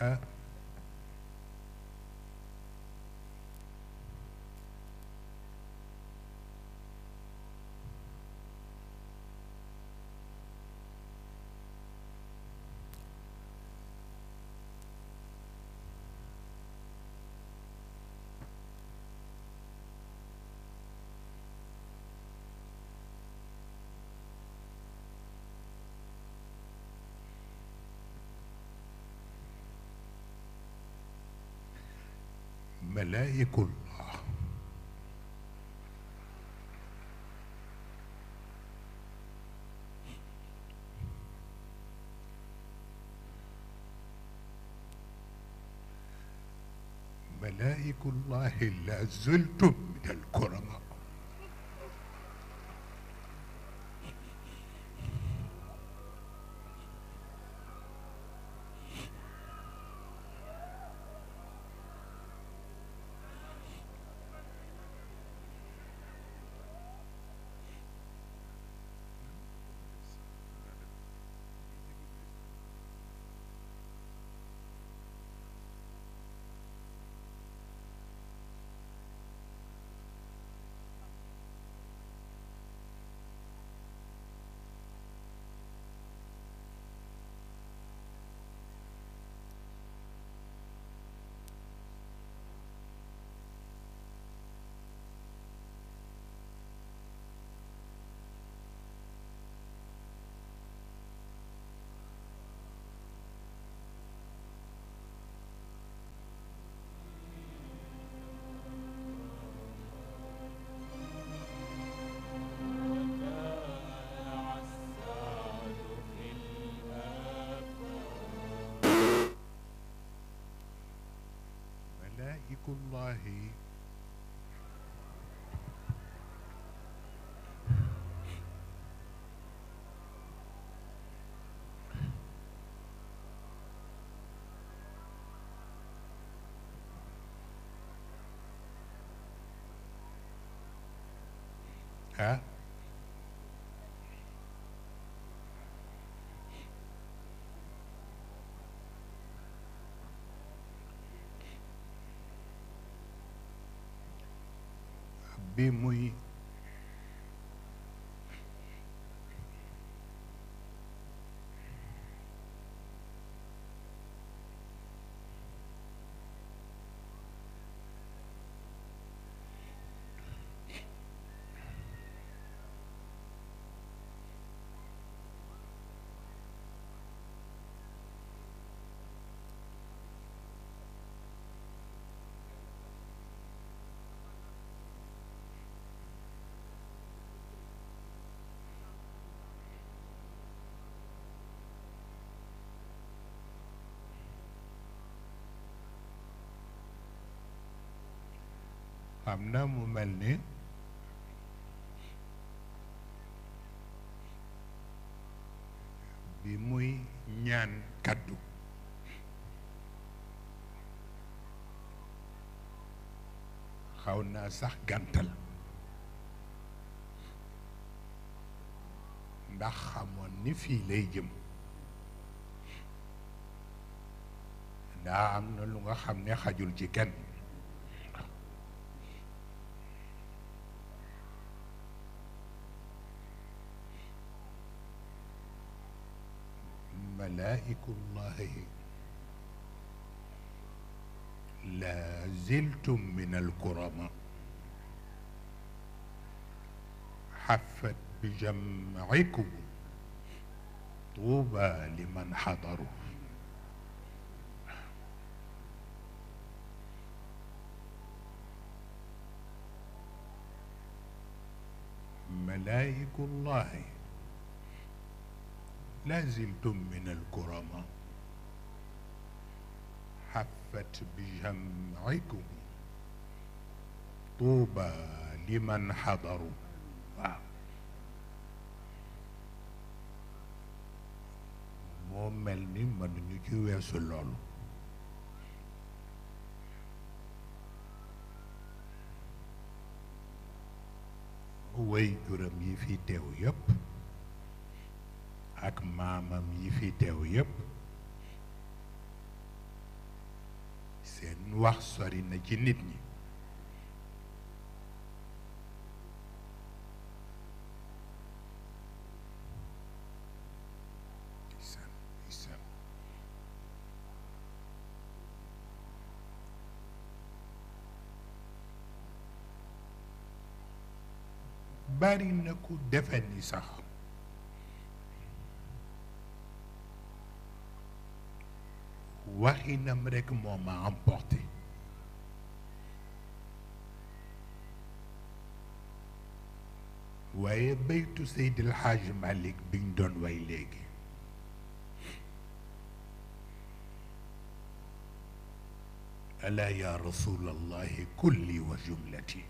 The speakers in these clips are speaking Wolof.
ah ملائكة الله ملائكة الله لا زلتم من الكون الله ها bi muy am na mu mel ni bi muy ñaan kàddu xaw naa sax gàntal ndax xamoon ni fii lay jëm ndaa am na lu nga xam ne xajul ci kenn ملائكه الله لا زلتم من الكرماء حفت بجمعكم طوبى لمن حضروا ملائك الله لا زلتم من الكرماء حفت بجمعكم طوبى لمن حضروا moo mel ni mënuñu ci weesu loolu way juram yi fi teew yépp ak maamam yi fi teew yépp seen wax sori na ci nit ñi bari na ku defe ni sax waxinam rekk moo ma emporté waaye baytu Seydil Hadj Malick biñ doon way léegi alaa yaa rasulallahi kulli wa jumlati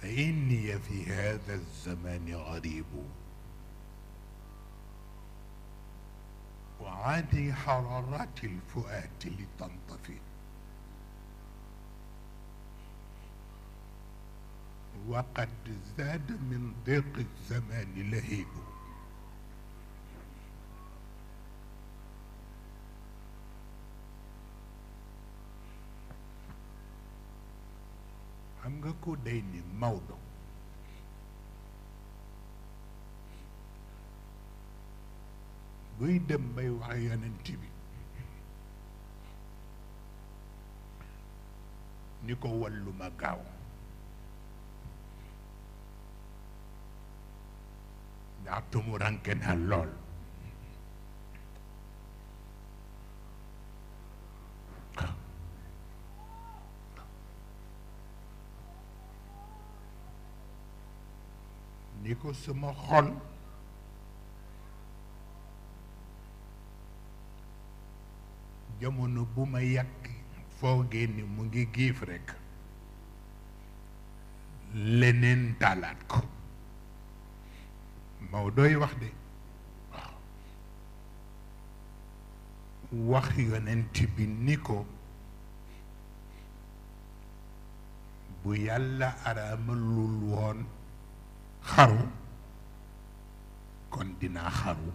fa inni fi hada zamani garibu وعادي حرارة الفؤاد لتنطفئ وقد زاد من ضيق الزمان لهيب xam nga ko day ni Maodo buy dem bay wax yonent bi ni ko wallu ma gaaw ndax tumu ranke na lool ni ko sama xol jamono bu ma yàgg foogee ni mu ngi giif rekk leneen taalaat ko Maodo dooy wax de waaw wax yonent bi ni ko bu yàlla araamalul woon xaru kon dinaa xaru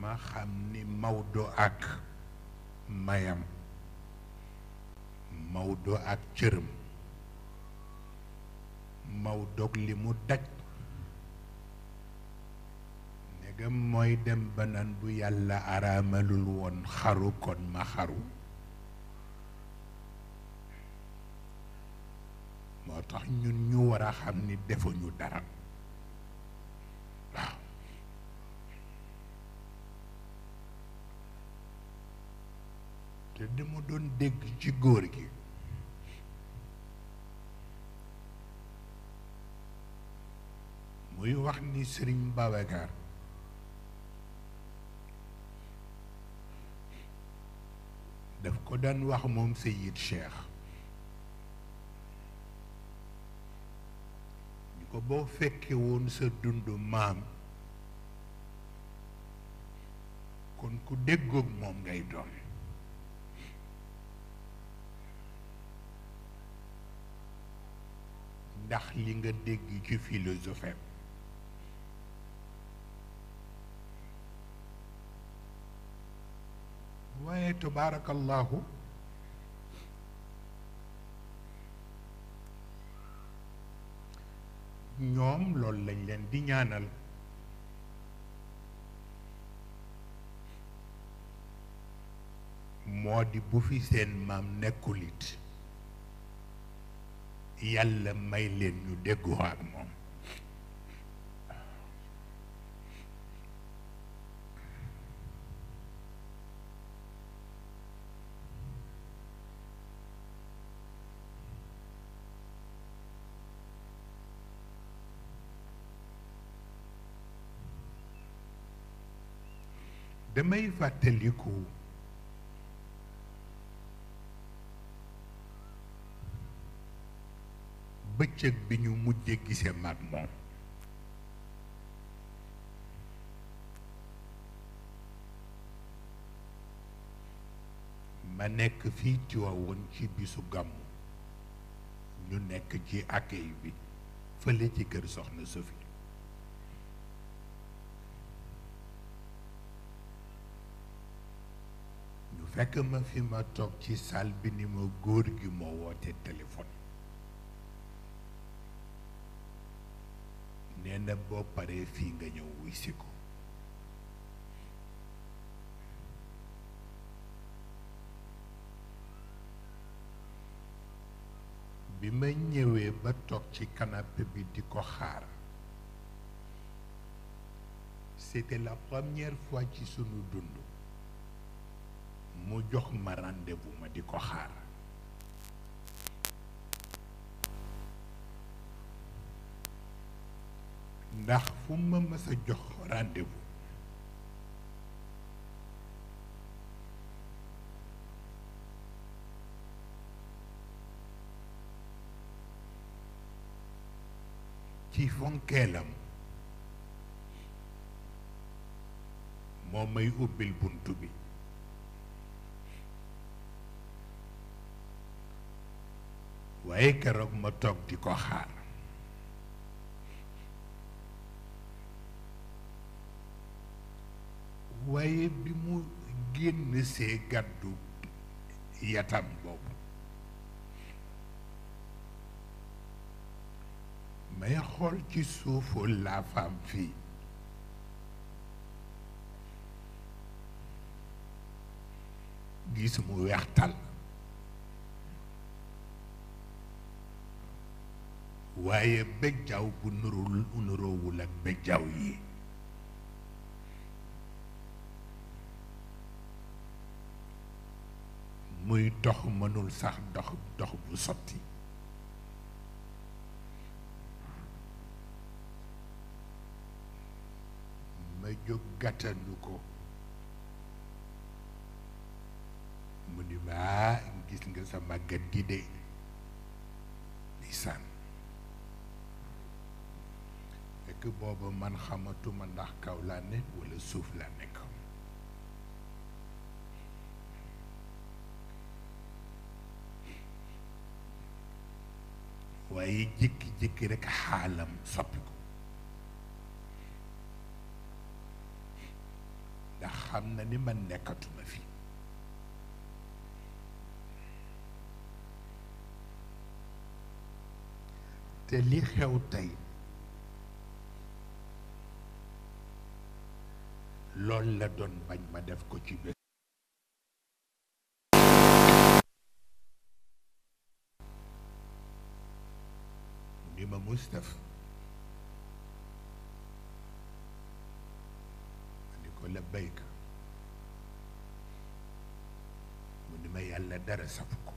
ma xam ni Maodo ak mayam Maodo ak cëram Maodo li mu daj ndegam mooy dem ba bu yàlla araamalul woon xaru kon ma xaru moo tax ñun ñu war a xam ni defuñu dara te dama doon dégg ci góor gi muy wax ni Serigne Babacar daf ko daan wax moom Seyid Cheikh ñu ko boo fekkee woon sa dundu maam kon ku déggoog moom ngay doon ndax li nga dégg ci philosophie waaye tabaarakallaahu ñoom loolu lañ leen di ñaanal moo di bu fi seen maam nekkulit yàlla may leen ñu déggoo ak moom damay fàttaliku bëccëg bi ñu mujje gise maag moom ma nekk fii Tiwaawoon ci bisu gàmmu ñu nekk ci accueil bi fële ci kër Soxna Sofi ñu fekk ma fi ma toog ci salle bi ni ma góor gi moo woote téléphone nee na boo paree fii nga ñëw wuy si ko bi ma ñëwee ba toog ci canapé bi di ko xaar c'était la première fois ci sunu dund mu jox ma rendez ma di ko xaar ndax fu ma mës jox rendez ci fonkeelam moo may ubbil bunt bi waaye keroog ma toog di ko xaar waaye bi mu génn see gàddu yatam boobu may xool ci suufu laafaam fii gis mu weextal waaye bëjjaaw bu nuru nuroowul ak bëjjaaw yi muy dox mënul sax dox dox bu sotti ma jóg gàttandu ko mu ni maa gis nga sa màggat gi de lisaan fekk booba man xamatuma ndax kaw laa walla suuf laa nekk waaye jékki-jékki rekk xaalam soppi ko ndax xam na ni man nekkatuma fi te li xew tey lool la doon bañ ma def ko ci bés babu stef ma ni ko labbayk mu ni ma yàlla dara safu ko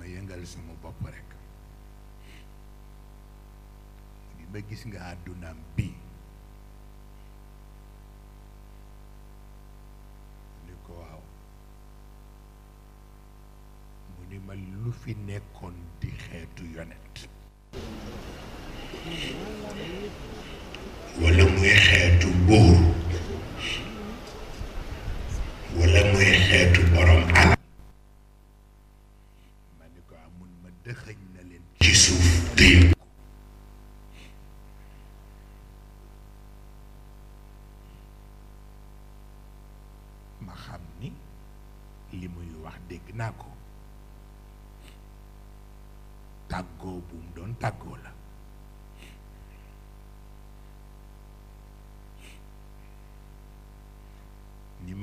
ma yëngal sama bopp rekk mu ni ma gis nga àddunaam bii fi nekkoon di xeetu yonent wala muy xeetu buur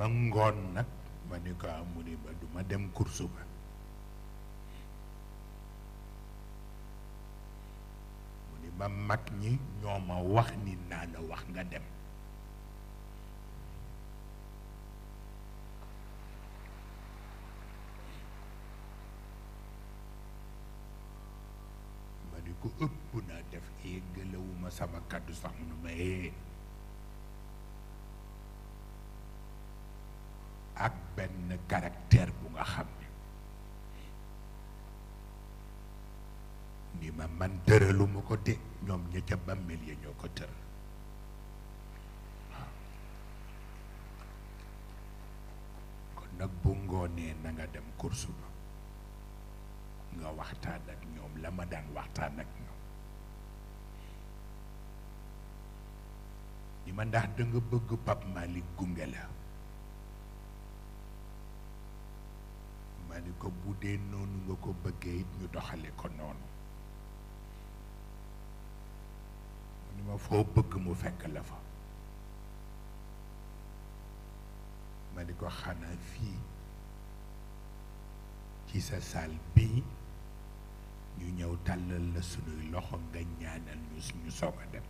ngoon nag ma ni ko amu ni ma duma dem kursu ba mu ni ma mag ñi ñoo ma wax ni naa la wax nga dem ma ni ko ëpp naa def ee gëlawuma sama kàddu sax mu nu ma benn caractère bu nga xam ne ni ma man tëraluma ko de ñoom ña ca bàmmeel ya ñoo ko tëral kon nag bu ngoonee na nga dem kursu nga waxtaan ak ñoom la ma daan waxtaan ak ñoom ni ma ndax da bëgg Pape Malick gunge la ma ni ko bu noonu nga ko bëggee it ñu doxale ko noonu mu ni ma foo bëgg mu fekk la fa ma ni ko xanaa fii ci sa saal bii ñu ñëw tàllal la sunuy loxo nga ñaanal ñu suñu soog a dem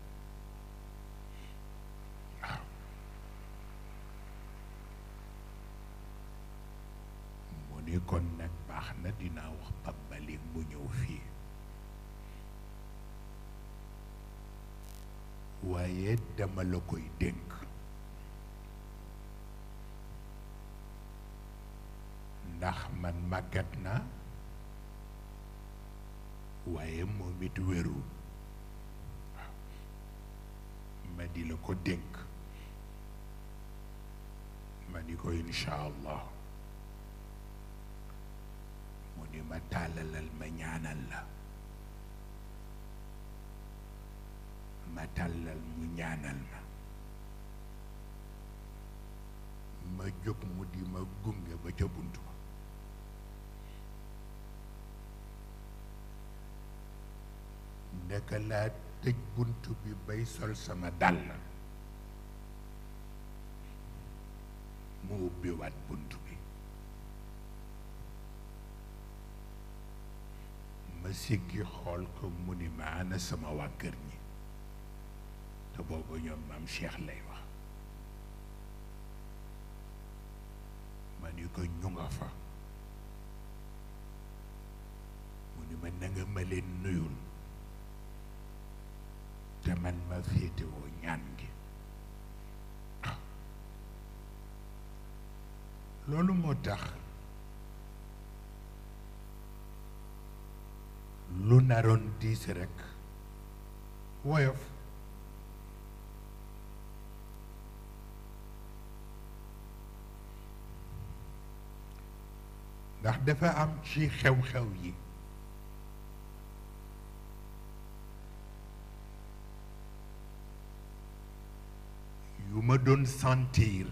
kon nag baax na dinaa wax Pape Baling mu ñëw fii waaye dama la koy dénk ndax man màggat naa waaye moom it wéru ma di la ko dénk ma di ko incha mu ni ma tàllalal ma ñaanal la ma tàllal mu ñaanal ma ma jóg mu di ma gunge ba ca bunt ba ndeka laa tëj bunt bi bay sol sama dàll mu ubbi waat bunt bi ma siggi xool ko mu ni ma ana sama waa kër ñi te boobu ñoom maam Cheikh lay wax ma ni ko ñu nga fa mu ni ma nanga ma leen nuyul te man ma féetewoo ñaan gi ah. loolu moo tax lu naroon diis rekk woyof ndax dafa am ci xew-xew yi yu ma doon santiir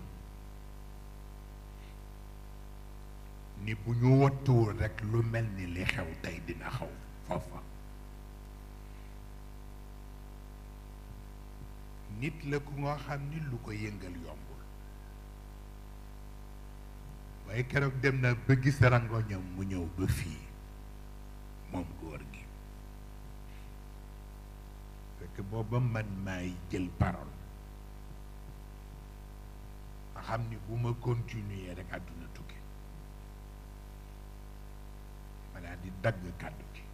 ni bu ñu wattuwul rekk lu mel ni li xew tey dina xaw foofa nit la ku nga xam ni lu ko yëngal yombul waaye keroog dem na ba gis mu ñëw ba fii moom góor gi fekk booba man maay jël parole nga xam ni bu ma continuer rek àdduna tukki ma di dagg kàddu gi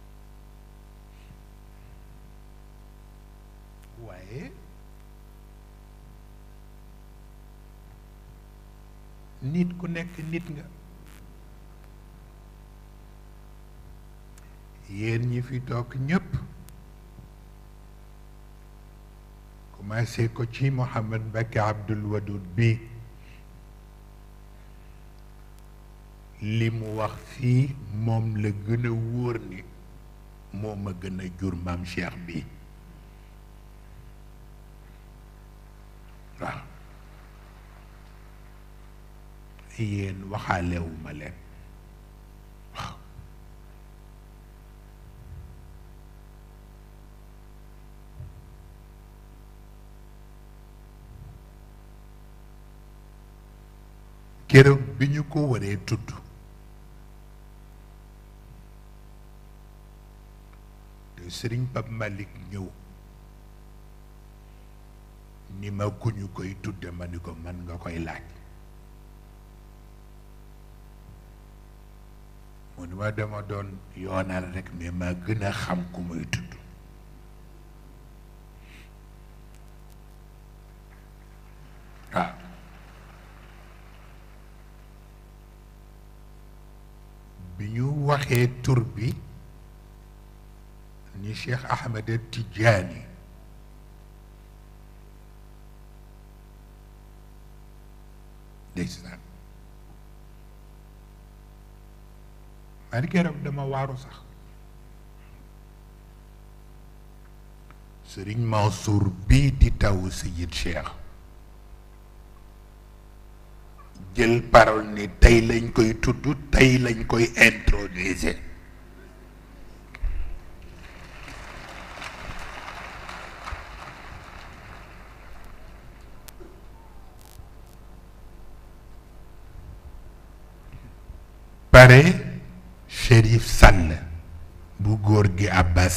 waaye nit ku nekk nit nga yéen ñi fi toog ñépp commencé ko ci Mouhamed Mbacké Abdoul Wadoud bi li mu wax fii moom la gën a wóor ni moo ma gën a jur maam bi yéen waxaalewuma leen waaw keroog bi ñu ko waree tudd te Sëriñ Pape Malick ñëw ni ma ku ñu koy tudde ma ni ko man nga koy laaj mu ni ma dama doon yoonal rek mais ma gën a xam ku muy tudd waaw ah. bi ñu waxee tur bi ni Cheikh Ahmed Tidiane waaye keroog dama waaru sax sëriñ Mansour bii di taw Seyid Cheikh jël parole ni tey lañ koy tudd tey lañ koy introduire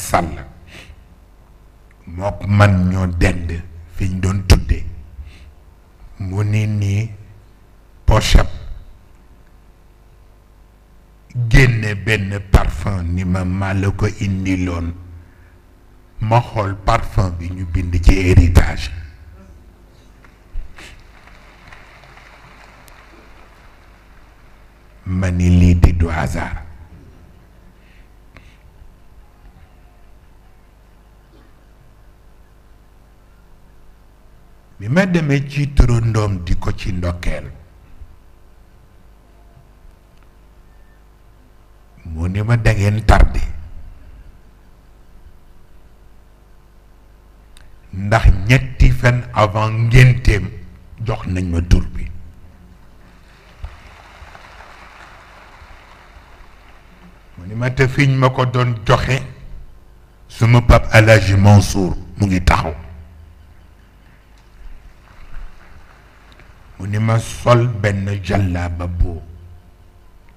Sall mook man ñoo dend fiñ doon tuddee mu ni nii pochab génne benn parfum ni ma maa la ko indi loon ma xool parfum bi ñu bind ci héritage ma ni lii du hasard ma deme ci ndoom di ko ci ndokkeel mu ni ma dangeen tardé ndax ñetti fan avant ngénteem jox nañ ma tur bi mu ni ma te ma ko doon joxe suma pap Alaaji Mansour mu ngi taxaw mu ni ma sol benn jàllaaba bu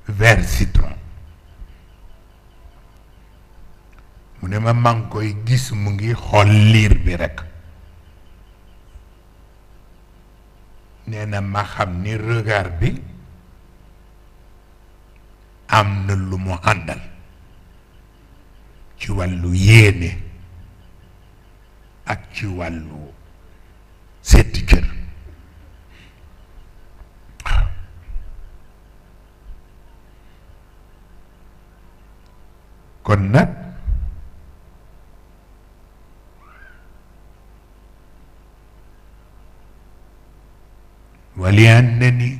vert citron mu ne ma maa koy gis mu ngi xool liir bi rekk nee na ma xam ni regard bi am na lu mu àndal ci wàllu yéene ak ci wàllu séti kon nag wali annani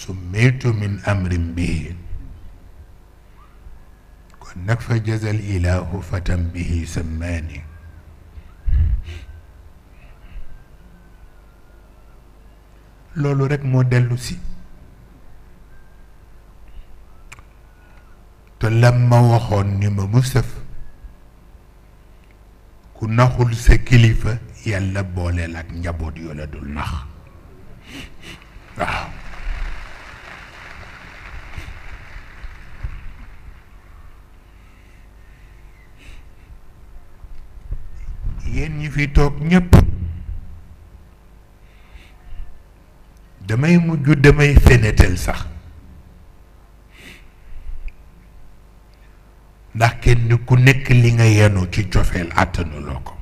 summitu min amrin bihi kon nag fa jazal ilahu fatan bihi sammaani loolu rekk moo dellu si te lam ma waxoon ni ma mu sëf ku naxul sa kilifa yàlla booleel ak njaboot yu la dul nax waaw yéen ñi fi toog ñépp damay mujj damay fenetel sax ndax kenn ku nekk li nga yenu ci cofeel àttanuloo ko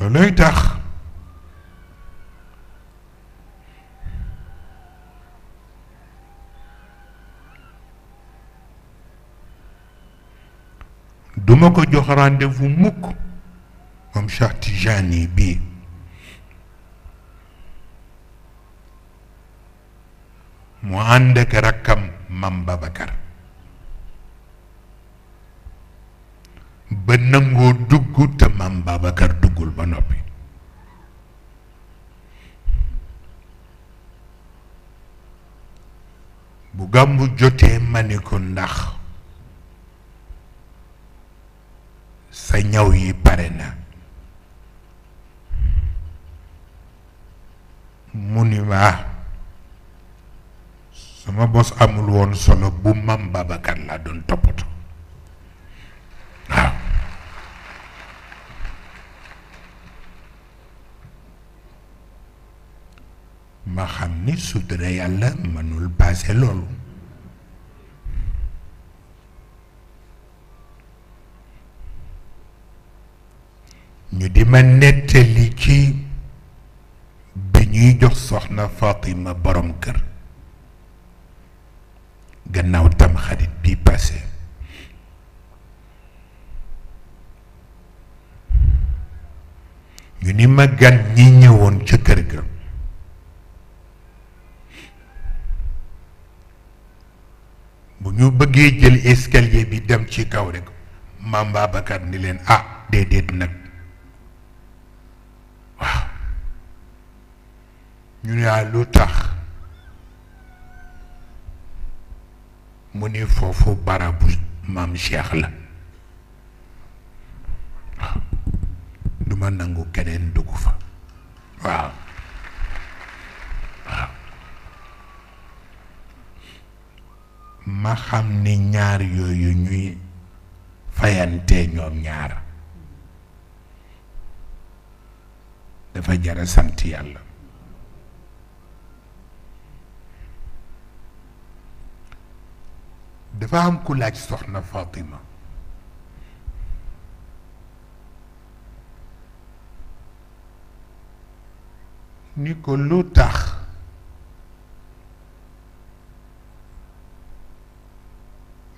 waaw tax duma ko jox rendez-vous mukk moom Cheikh Tijani bii mu ànd ak rakkam mam Babacar ba nangoo dugg te mam Babacar duggul ba noppi bu gàmmu jotee ma ni ko ndax sa ñaw yi pare na mu ni ma ah, sama bos amul woon solo bu mam Babacar laa doon toppatoo waaw ma xam ni sutura yàlla mënul baase loolu ñu di ma nettali ci bi ñuy jox soxna Fatima boroom kër gannaaw tamxarit bi passé ñu ni ma gan ñi ñëwoon ca kër ga bu ñu bëggee jël escalier bi dem ci kaw rek maam Babacar ni leen ah déedéet nag waaw ñu ne ah, lu tax mu ni foofu barabu mam Cheikh la waaw du ma nangu keneen dugg fa waaw ma xam ni ñaar yooyu ñuy fayantee ñoom ñaar dafa jara sant yàlla dafa am ku laaj soxna Fatima ni ko lu tax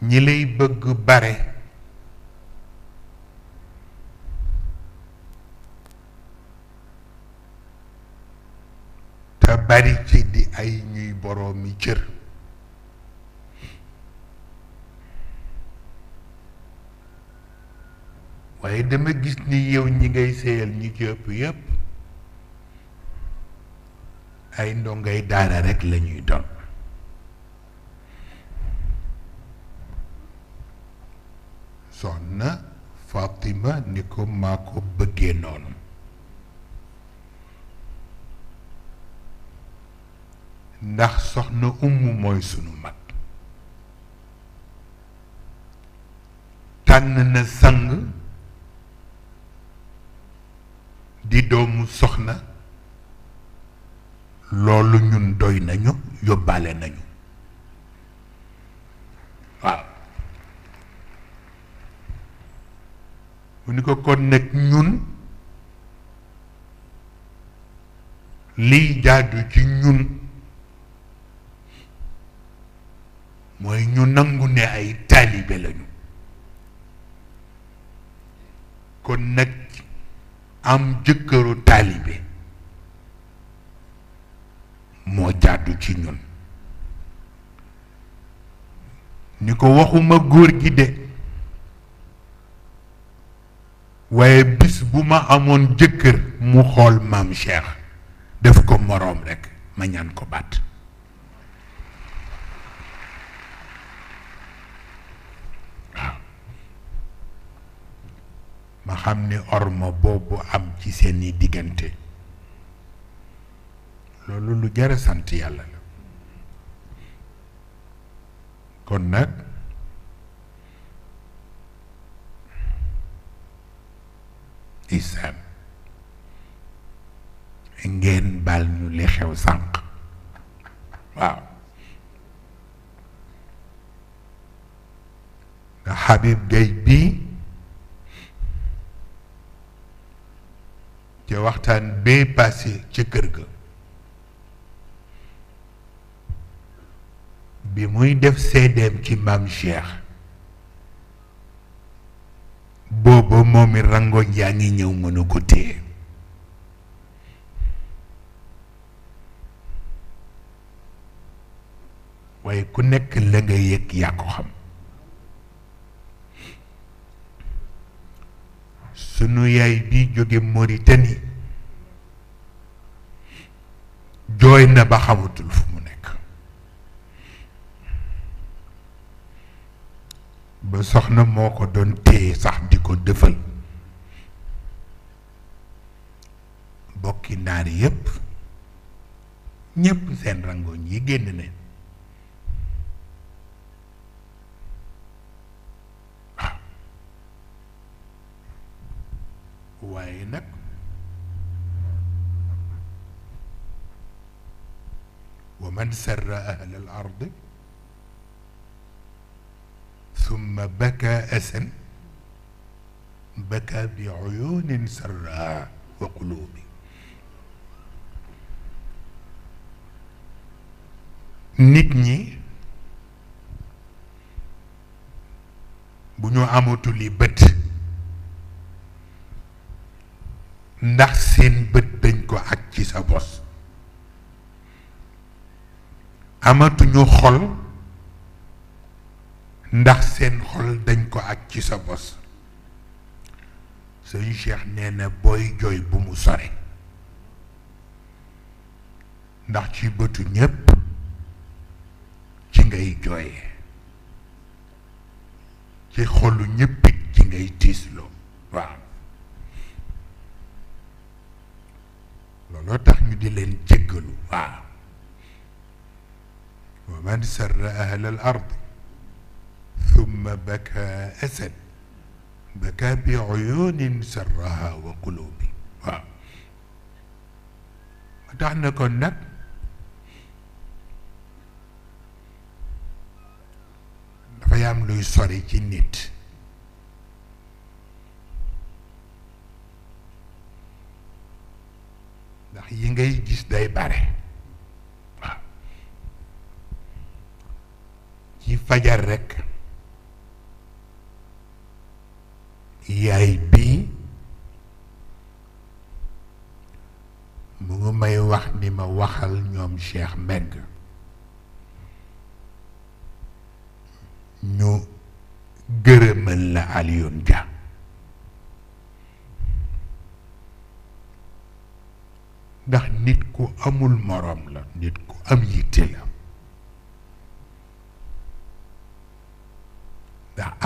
ñi lay bëgg bare te bari ci di ay ñuy boroomi jër waaye dama gis ni yow ñi ngay séyal ñi ci yépp ay ndongay daara rekk lañuy ñuy doon soxna Fatima ni ko maa ko bëggee noonu ndax soxna Umu mooy sunu mag tànn na sang di doomu soxna loolu ñun doy nañu yóbbaale nañu waaw mu ni ko kon nag ñun liy jaadu ci ñun mooy ñu nangu ne ay taalibe lañu kon nag am jëkkëru taalibe moo jàddu ci ñun ni ko waxuma góor gi de waaye bis bu ma amoon jëkkër mu xool maam Cheikh def ko moroom rekk ma ñaan ko baat ma xam ni orma boobu am ci seeni diggante loolu lu jara sant yàlla la kon nag isaan ngeen baal ñu li xew sànq waaw nga Habib Gueye bii ca waxtaan bee passé ca kër ga bi muy def seedeem ci maam Cheikh booba moom i rangoñ yaa ngi ñëw mënu ko téye waaye ku nekk la nga yëg yaa ko xam sunu yaay bi jóge Mauritanie jooy na ba xamatul fu mu nekk ba soxna moo ko doon téye sax di ko dëfal bokki naar yépp ñépp seen rangoñ yi génn nañ من سر أهل الأرض ثم بكى أسا بكى بعيون سراء وقلوب nit ñi bu ñu amatul yi bët ndax seen bët dañ ko ak ci sa bos amatuñu xol ndax seen xol dañ ko ak ci sa bos sëñ Cheikh nee na booy jooy bu mu sore ndax ci bëtu ñépp ci ngay jooye ci xolu ñépp ci ngay tiisloo waaw looloo tax ñu di leen jéggalu waaw ومن سر أهل الأرض ثم بكى أسد بكى بعيون سرها وقلوب waaw ma tax na kon nag dafay am luy sori ci nit ndax yi ngay gis day bare fajar rekk yaay bii mu ngi may wax ni ma waxal ñoom Cheikh megg ñu gërëmal la Alioune Dia ndax nit ku amul moroom la nit ku am yitte la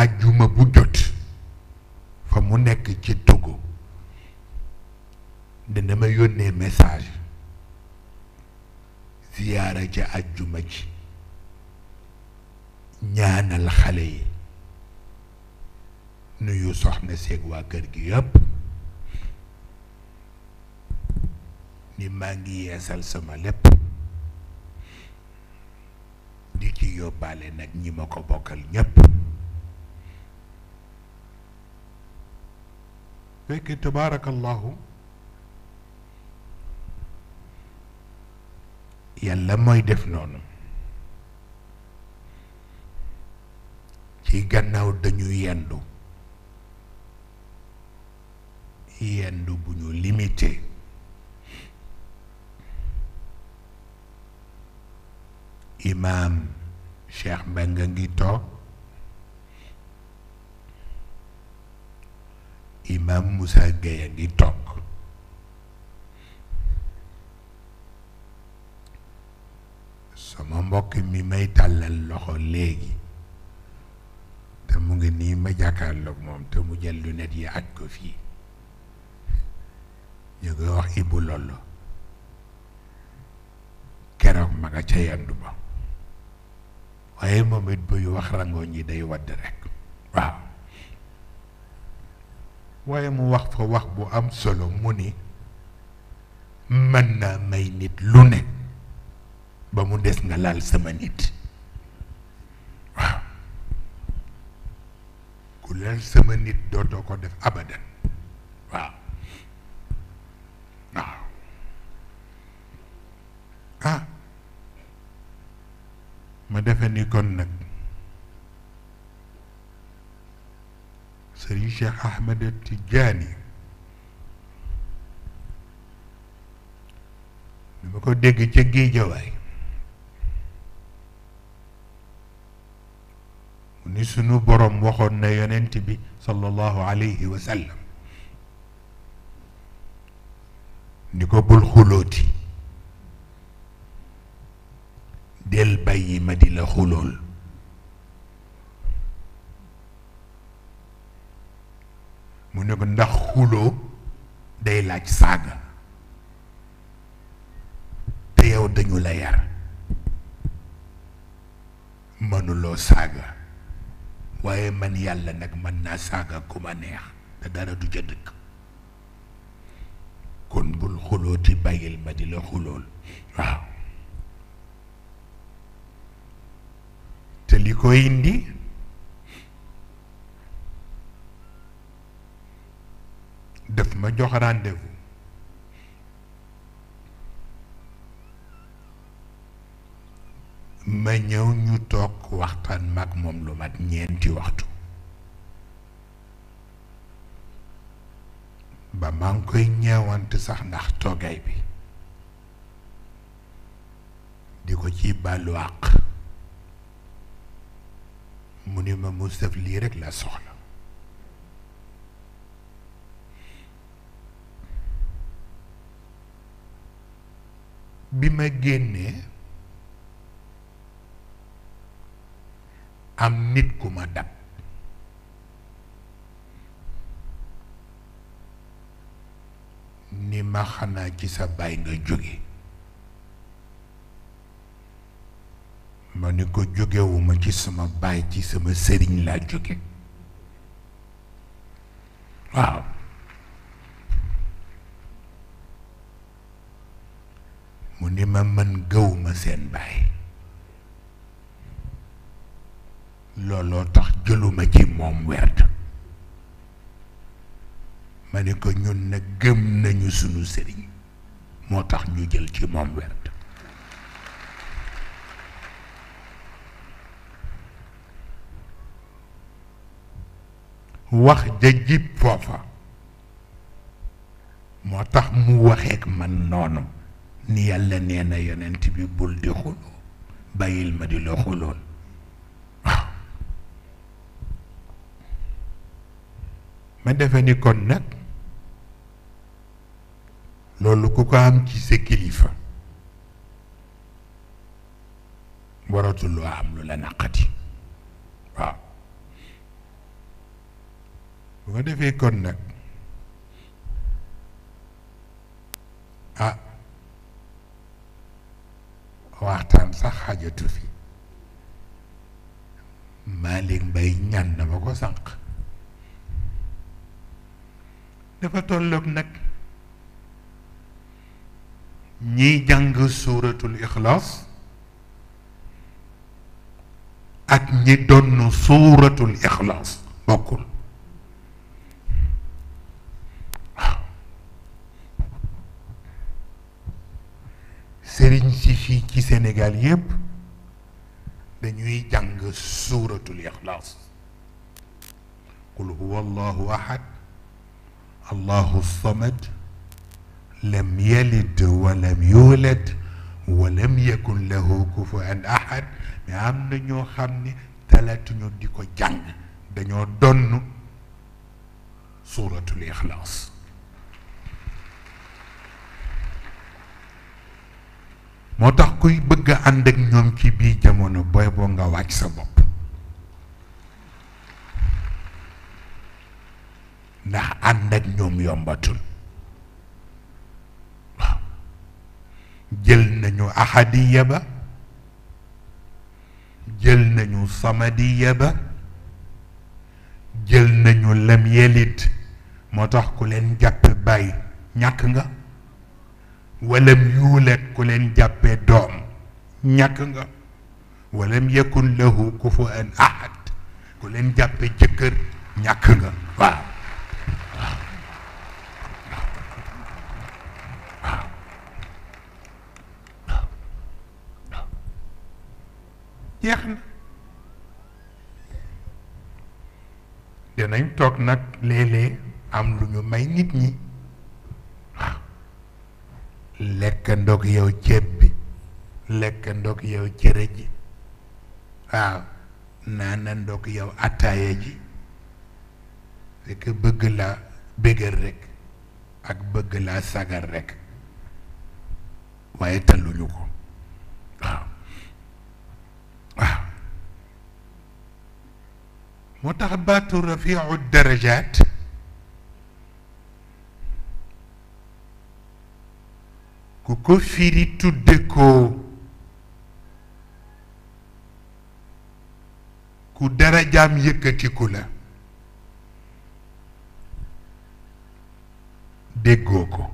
ajjuma bu jot fa mu nekk ci Togo dina ma yónnee message ziyaara ci ajjuma ci ñaanal xale yi nuyu soxna seeg waa kër gi yëpp ni maa ngi yeesal sama lépp di ci yóbbaale nag ñi ma ko bokkal ñépp fekkee tabaarakallaahu yàlla mooy def noonu ci gannaaw dañu yendu yendu bu ñu limité imaam Cheikh Mbengue ngi toog imam Moussa Gueye a ngi toog sama mbokk mi may tàllal loxo léegi te mu ngi nii ma jàkkaarloog moom te mu jël lu net yi ak ko fii ñu koy wax Ibou Lollo keroog ma nga ca yendu ba waaye moom it buy wax rangoon yi day wadd rek waaye mu wax fa wax bu am solo mu ni mën naa may nit lu ne ba mu des nga lal sama nit waaw ku laal sama nit dootoo ko def abadan waaw waaw ah ma defe ni kon nag sëriñ Cheikh Ahmed Tidiane dama ko dégg ca géejawaay mu ni sunu borom waxoon na yonent bi sallallahu alayhi wa sallam ni ko bul xulóoti del bàyyi ma di la xulool mu ne ko ndax xuloo day laaj saaga te yow dañu la yar mënuloo saaga waaye man yàlla nag mën naa saaga ku ma neex te dara du ca dëkk kon bul xuloo ti bàyyil ma di la xulool waaw te li ko indi ma jox rendez ma ñëw ñu toog waxtaan mag moom lu mat ñeenti waxtu ba maa ngi koy ñeewante sax ndax toogaay bi di ko ci bàllu mu ni ma mu sëf lii rekk la soxla bi ma génnee am nit ku ma dab ni ma xanaa ci sa baay nga jóge ma ni ko jógewuma ci sama baay ci sama sëriñ laa jóge waaw mu ni ma mën gëwuma seen baay looloo tax jëluma ci moom werd ma ni ko ñun na gëm nañu sunu sëriñ moo tax ñu jël ci moom werd wax ja jib foofa moo tax mu waxeek man noonu ni yàlla nee na ti bi bul di xuloo bàyyil ma di loo xulool waaw ma defe ni kon nag loolu ku ko am ci sa kilifa waratuloo am lu la naqati waaw bu ko defee kon nag ah waxtaan sax xajatu fi Malick Mbaye ñaan na ma ko sànq dafa tolloog nag ñiy jàng suuratul ixlaas ak ñi donn suuratul ixlaas bokkul sëriñ si fii ci Sénégal yépp dañuy jàng suuratul ixlaas qul huwa allahu ahad allahu samad lam yalid walam yulad walam yakun lahu kufuwan ahad mais am na ñoo xam ni talatuñu di ko jàng dañoo donn suuratul ixlaas moo tax kuy bëgg a ànd ak ñoom ci biir jamono booy boo nga wàcc sa bopp ndax ànd ak ñoom yombatul jël nañu ahadiya ba jël nañu samadiya ba jël nañu lam yelit moo tax ku leen jàpp bàyyi ñàkk nga walam yuulat ku leen jàppee doom ñàkk nga walam yakun lahu kufuwan ahad ku leen jàppee jëkkër ñàkk nga waaw jeex na danañ toog nag léeg-léeg am lu ñu may nit ñi lekk ndog yow ceeb bi lekk ndog yow cere ji waaw naana ndog yow attaaya ji c'est bëgg laa bégal rek ak bëgg laa sagar rekk waaye talluñu ko waaw waaw moo tax baatu rafiu darajaat ku ko firi tudde ko ku darajaam yëkkatiku la déggoo ko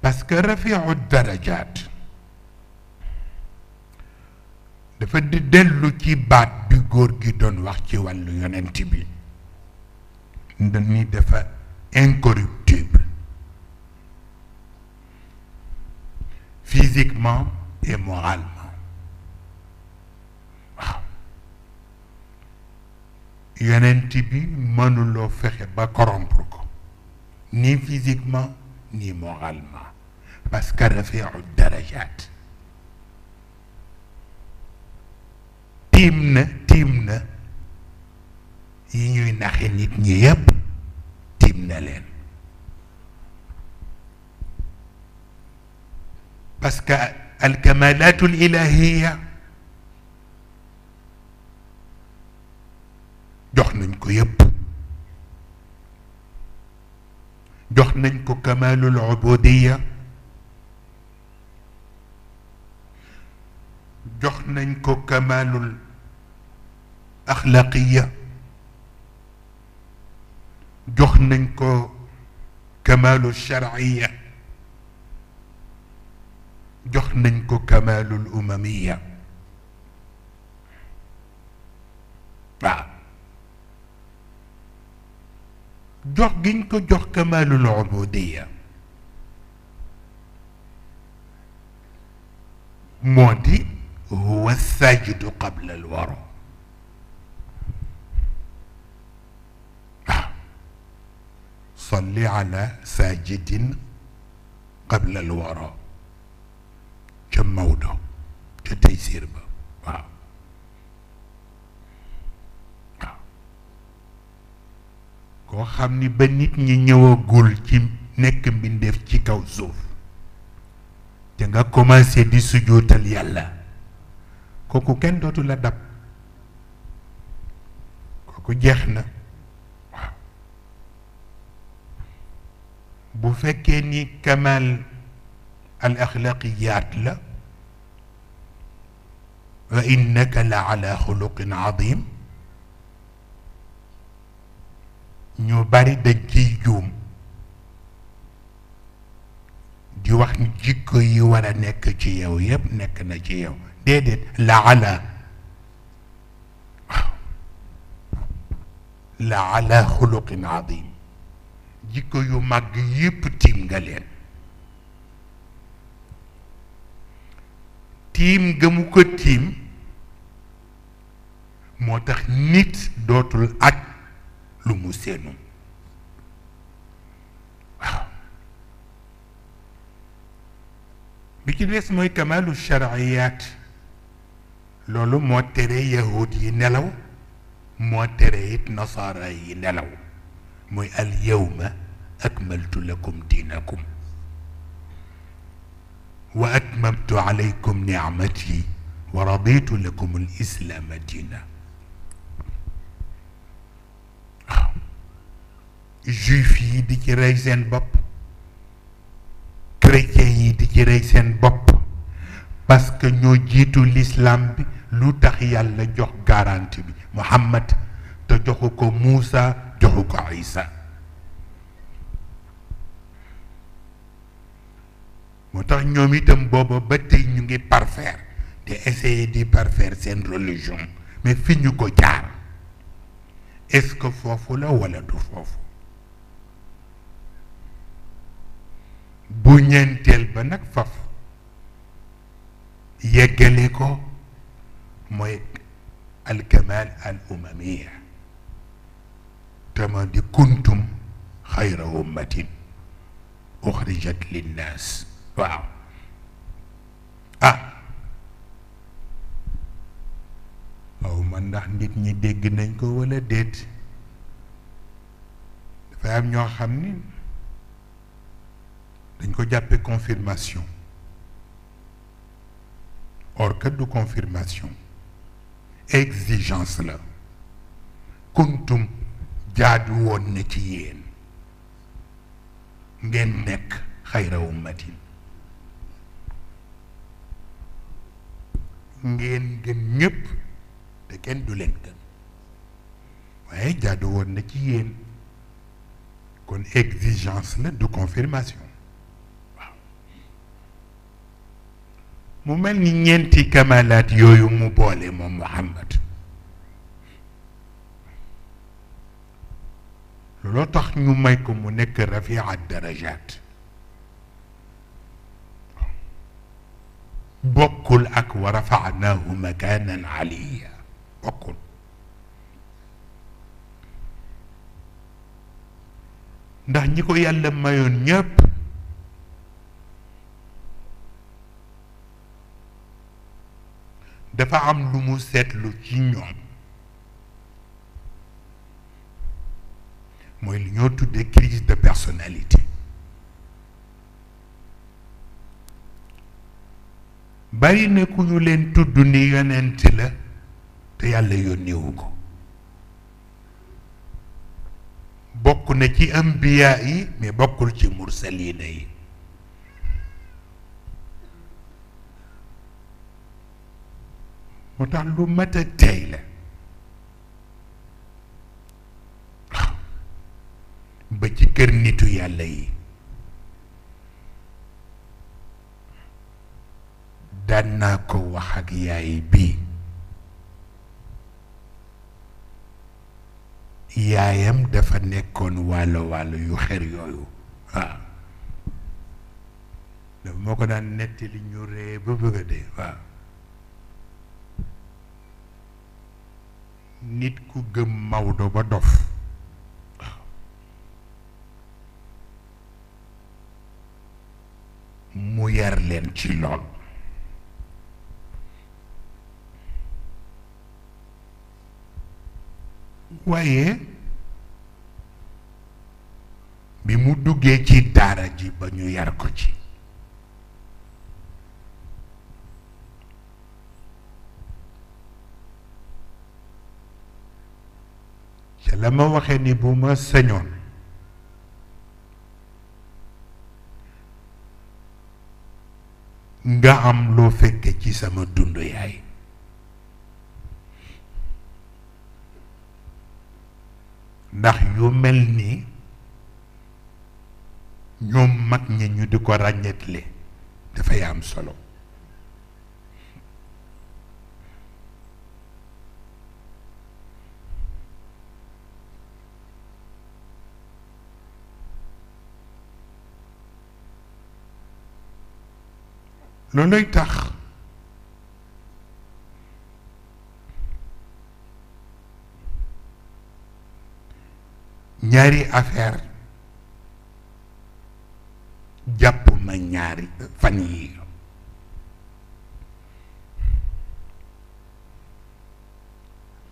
parce que rafiu darajaat dafa di dellu ci baat bi góor gi doon wax ci wàllu yonent bi nda ni dafa incorruptible, physiquement et moralement. yonent bi mënuloo fexe ba corrompre ko ni physiquement ni moralement parce que rafiu darajaat tiim na tiim na yi ñuy naxe nit ñi yépp na leen parce que alkamalatul ilahiya jox nañ ko yëpp jox nañ ko kamalul ubudiya jox nañ ko kamalul axlaqiya jox nañ ko kamaalu sharciya jox nañ ko kamaalul umamiya waaw jox giñ ko jox kamaalul ubudiya moo di huwa sajidu qabla alwara salli ala sajidin qabla al wara ca Maodo ca Taysiir ba waaw koo xam ni ba nit ñi ñëwagul ci nekk mbindeef ci kaw suuf te nga commencé di sujootal yàlla kooku kenn dootu la dab kooku jeex na bu fekkee ni kamal al axlaqiyaat la wa innaka la ala xuluqin adim ñu bari dañ ciy juum di wax ni jikko yi war nekk ci yow yépp nekk na ci yow déedéet la ala waaw la jikko yu màgg yépp tiim nga leen tiim ga mu ko tiim moo tax nit dootul ak lu mu séenu waaw bi ci des mooy kamaalu shariyaat loolu moo tere yahud yi nelaw moo tere it nasaara yi nelaw muy al yawma akmaltu lakum wa atmamtu alaykum ni'mati wa raditu lakum al diina juif yi di ci rey seen bopp chrétien yi di ci rey seen bopp parce que ñoo jiitu l'islam bi lu tax yàlla jox garantie bi Muhammad te joxu ko Muusa joxu ko Isa moo tax ñoom itam booba ba tey ñu ngi parfaire te essayer di parfaire seen religion mais fi ñu ko jaar est foofu la walla du foofu bu ñeenteel ba nag faf yeggale ko mooy alkamal al umamiya tama di kuntum xayra ummatin uxrijat linnaas waaw ah waaw man ndax nit ñi dégg nañ ko walla déet dafay am ñoo xam ni dañ ko jàppe confirmation or que confirmation exigence la kuntum jaadu woon na ci yéen ngeen nekk xayra ummatin ngeen gën ñëpp te kenn du leen gën waaye jaadu woon na ci yéen kon exigence la du confirmation waaw mu mel ni ñeenti kamalaat yooyu mu boole moom Muhammad loo tax ñu may ko mu nekk rafia darajaat bokkul ak wa rafanaahu makanan aliya bokkul ndax ñi ko yàlla mayoon ñëpp dafa am lu mu seetlu ci ñoom mooy li ñoo tuddee crise de personnalité bari ku ñu leen tudd ni yonent la te yàlla yónneewu ko bokk na ci ambiya yi mais bokkul ci mursalina yi moo tax lu mat la kër nitu yàlla yi daan naa ko wax ak yaay bi yaayam dafa nekkoon waalo waalo yu xer yooyu waaw dafa moo ko daan nettali ñu ree ba bëgg a dee nit ku gëm Maodo ba dof mu yar leen ci lool waaye bi mu duggee ci daara ji ba ñu yar ko ci ca la ma waxe ni bu ma señoon nga am loo fekke ci sama dund yaay ndax yu mel ni ñoom mag ñi ñu di ko ràññetle dafay am solo looloy tax ñaari affaire jàpp ma ñaari fan yi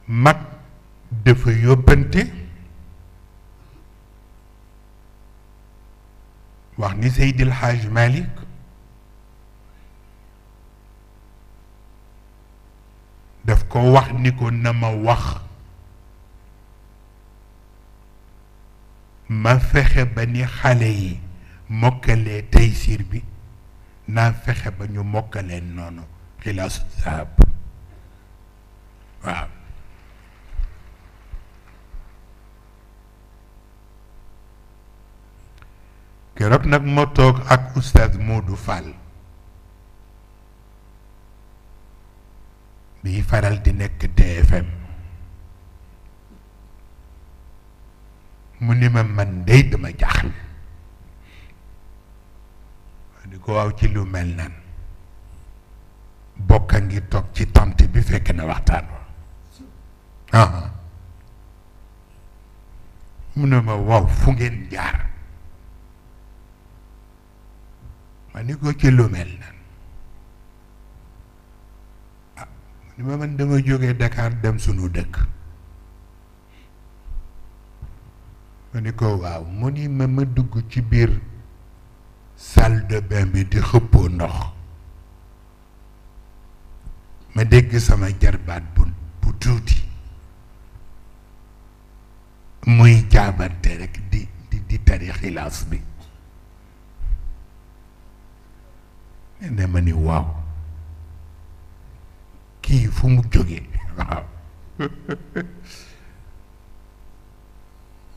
mag dafa yóbbante wax ni Seydil Hadj Malick ko wax ni ko na ma wax ma fexe ba ni xale yi mokkalee taysir bi naa fexe ba ñu mokkalee noonu xilaasu zahab waaw keroog nag ma toog ak oustaz du Fall bi faral di nekk TFM mu ni ma man dey dama jaaxle di ko waaw ci lu mel nan bokk a ngi toog ci tante bi fekk na waxtaan wa mu ne ma waaw fu ngeen jaar ma ni ko ci lu mel nan ni ma man dama jóge dakaar dem suñu dëkk ma ni ko waaw mu ni ma ma dugg ci biir salle de bain bi di xëppoo ndox ma dégg sama jarbaat bu tuuti muy jaabante rek di di tari xilaas bi ne ma ni waaw kii fu mu jógee waaw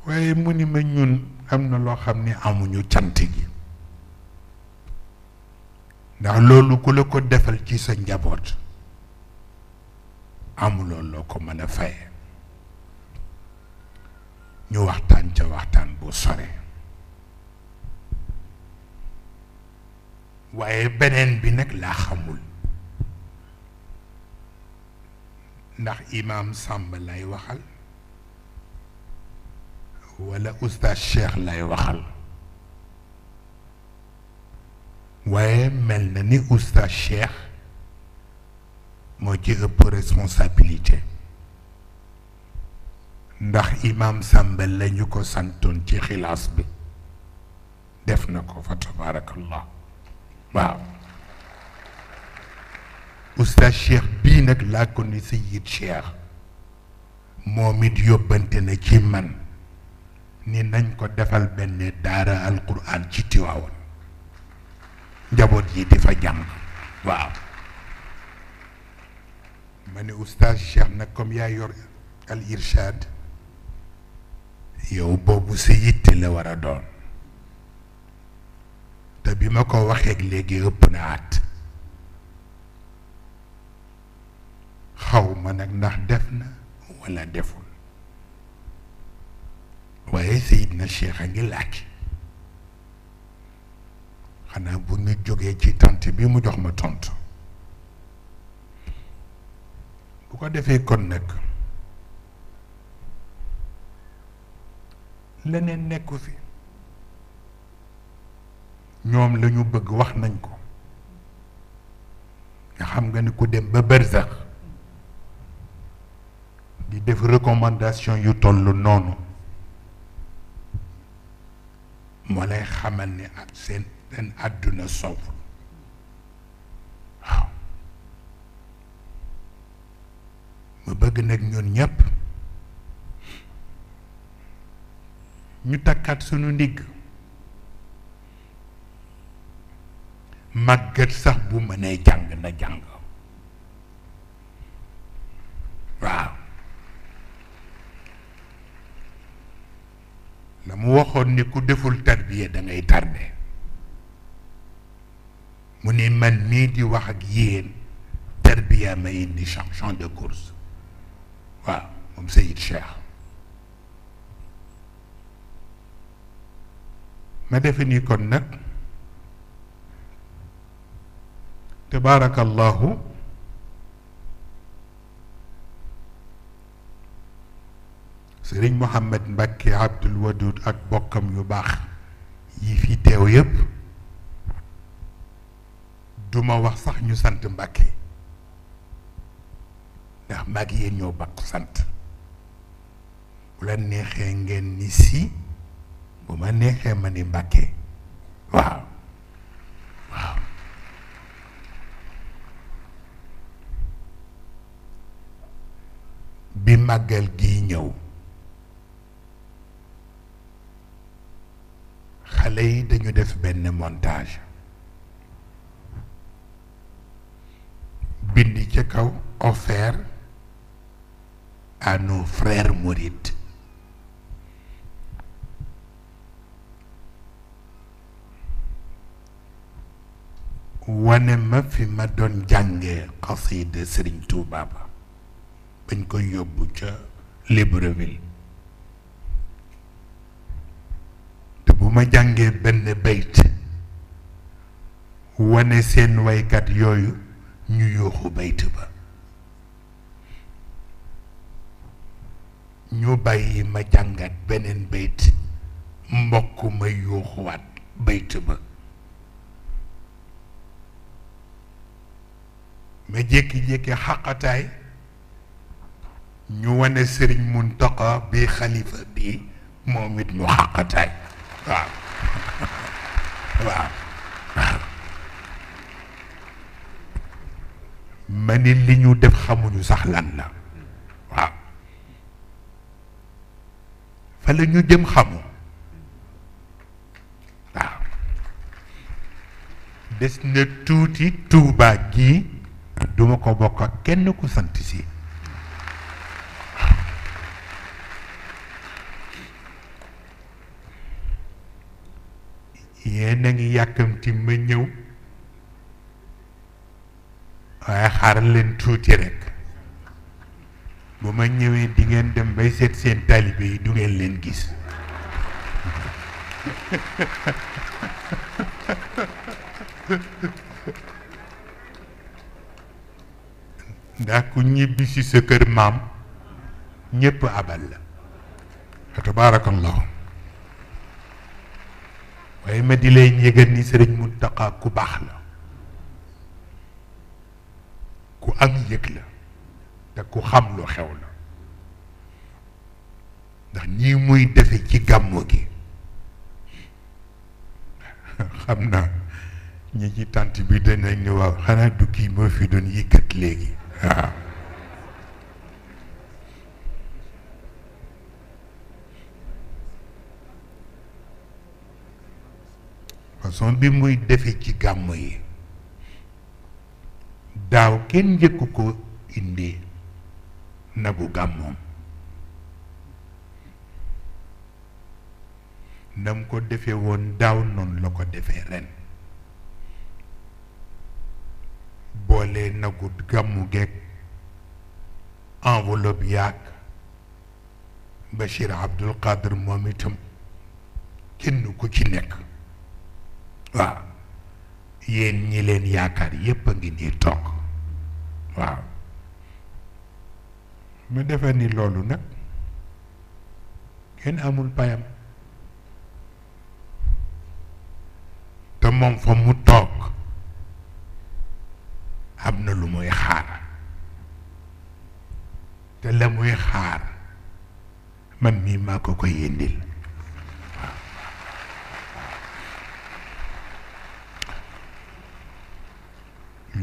waaye mu ni ma ñun am na loo xam ne amuñu cant gi ndax loolu ku la ko defal ci sa njaboot amuloo loo ko mën a faye ñu waxtaan ca waxtaan bu sore waaye beneen bi nag laa xamul ndax imaam Samb lay waxal wala oustaz Cheikh lay waxal waaye mel na ni oustaz Cheikh moo ci ëpp responsabilité ndax imaam Samb la ko santoon ci xilaas bi def na ko fa tabaarakallah waaw oustaz Cheikh bii nag laa ko ni Seyid Cheikh moom it yóbbante na ci man ni nañ ko defal benn daara alquran ci Tiwaawan njaboot yi di fa jàng waaw ma ne oustaz Cheikh nag comme yaa yor al irshad yow boobu sa yitte la war a doon te bi ma ko waxeeg léegi ëpp na at xaw ma nag ndax def na walla deful waaye na Cheikh a ngi laaj xanaa bu ñu jógee ci tant bi mu jox ma tontu bu ko defee kon nag leneen nekku fi ñoom lañu bëgg wax nañ ko nga xam nga ni ku dem ba bërsax def recommandation yu toll noonu moo lay xamal ni ak seen seen àdduna sow waaw ma bëgg nag ñun ñëpp ñu takkat sunu ndigg màgget sax bu mënee jàng na jàng la mu waxoon ni ku deful tarbiya da ngay tarbe mu ne man mii di wax ak yéen tarbiya ma indi champ de course waaw moom Seyid Cheikh ma defe ni kon nag tabaarakallahu sëriñ Mouhamed Mbacke Abdoul Wadoud ak bokkam yu baax yi fi teew yépp duma wax sax ñu sant mbakke ndax mag yéen ñoo bokk sant bu la neexee ngeen ni si bu ma neexee ma ni Mbacke waaw waaw bi màggal gi ñëw xale dañu def benn montage bind ca kaw offert ano nos frères wone wane ma fi ma doon jànge xasida Sëriñ Tuubaa ba bañ ko yóbbu ca Libreville ma jàngee benn bayt wane seen waykat yooyu ñu yuuxu bayt ba ñu bàyyi ma jàngat beneen bayt mbokk ma yuuxuwaat bayt ba ma jékki-jékki xaqataay ñu wane sëriñ Muntaqa bi xalifa bi moom it mu xaqataay waaw waaw waaw li ñu def xamuñu sax lan la waaw fa la jëm xamu waaw des na tuuti tuubaa gi duma ko bokk kenn ku sant si yéen a ngi yàkkamti ma ñëw waaye xaar leen tuuti rekk bu ma ñëwee di ngeen dem bay seet seen taalibe yi du ngeen leen gis ndax ku ñibbi ci sa kër maam ñépp abal la tabaarakallahu waaye ma di leen yëgal ni sëriñ mu Muntaqa ku baax la ku am yëg la te ku xam lu xew la ndax ñi muy defe ci gàmmu gi xam naa ñi ci tànt bi danañ ni waaw xanaa du kii moo fi doon yëkkat léegi waaw façon bi muy defe ci gàmm yi daaw kenn jëkk ko indi nagu gàmmoom nam ko defe woon daaw noonu la ko defe ren boole nagu gàmmu geeg enveloppe yaag Bachir Abdul Qadir moom itam kenn ko ci nekk waaw yéen ñi leen yaakaar yépp a ngi nii toog waaw mu defee ni loolu nag kenn amul payam te moom fa mu toog am na lu muy xaar te la muy xaar man mii maa ko ko yéndil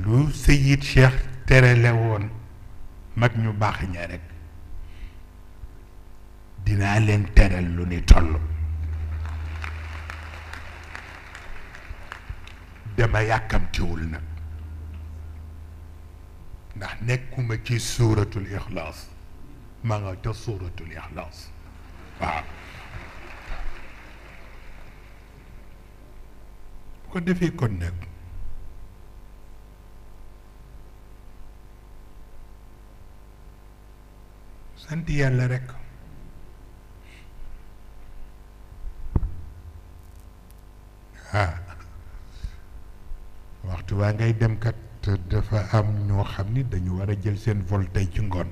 lu Seyid Cheikh terele woon mag ñu baax ña rek dinaa leen teral lu ni toll dama yàkkamtiwul nag ndax nekkuma ci suuratul ixlaas ma nga ca suuratul ixlaas waaw bu ko defee kon nag sant yàlla rekk ah waxtu waa ngay demkat kat dafa am ñoo xam ni dañu war a jël seen vol tey ci ngoon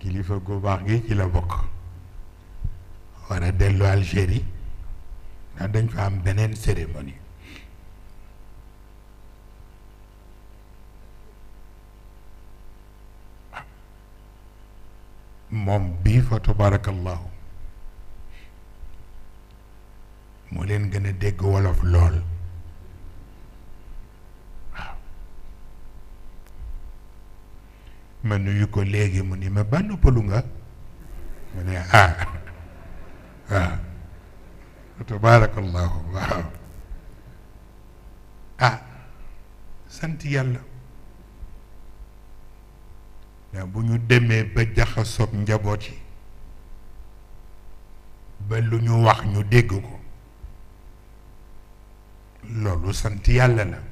kilifa gu baax gi ci la bokk war a dellu Algérie ndax dañ fa am beneen cérémonie moom bii fa tabarakallahu moo leen gën a dégg wolof lool waaw ma nuyu ko léegi mu ni ma ba noppalu nga mu ne ah, ah, ah tabarakallahu ah sant yàlla mais bu ñu demee ba jaxasoog njaboot yi ba lu ñu wax ñu dégg ko loolu sant yàlla la